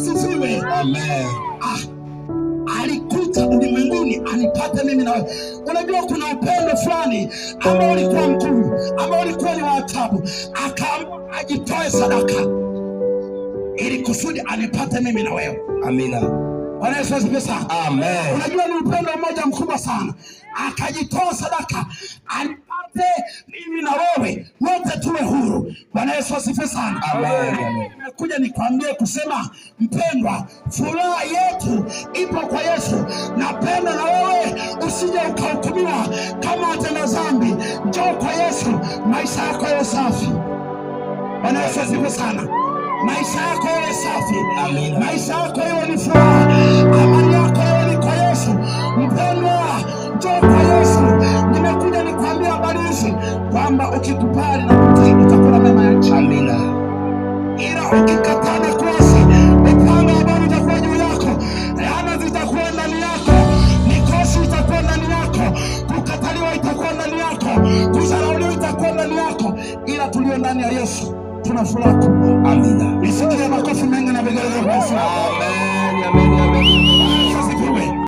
asifiwe. Ah, ulimwenguni anipate mimi na wewe. Unajua kuna upendo fulani ambao ulikuwa mkuu, ambao ulikuwa ni wa taabu, akaamua ajitoe sadaka ili kusudi anipate mimi na wewe. Amina. Bwana Yesu asifiwe sana. Amen. Unajua ni upendo mmoja mkubwa sana, akajitoa sadaka wote tuwe huru. Bwana Yesu asifiwe sana. Nimekuja nikwambie kusema, mpendwa, furaha yetu ipo kwa Yesu. Napenda na wewe usije ukahukumiwa kama watenda dhambi. Njoo kwa Yesu, maisha yako yawe safi. Bwana Yesu asifiwe sana. Maisha yako yawe safi, maisha yako yawe ni furaha, amani yako yawe ni kwa Yesu. Mpendwa, njoo ukikubali na kutii utakuwa na mema ya nchi. Amina. Ila ukikatana kuasi, upanga ambao utakuwa juu yako, laana zitakuwa ndani yako, mikosi itakuwa ndani yako, kukataliwa itakuwa ndani yako, kudharauliwa itakuwa ndani yako. Ila tulio ndani ya Yesu tuna furaha. Amina. Isikie makofi.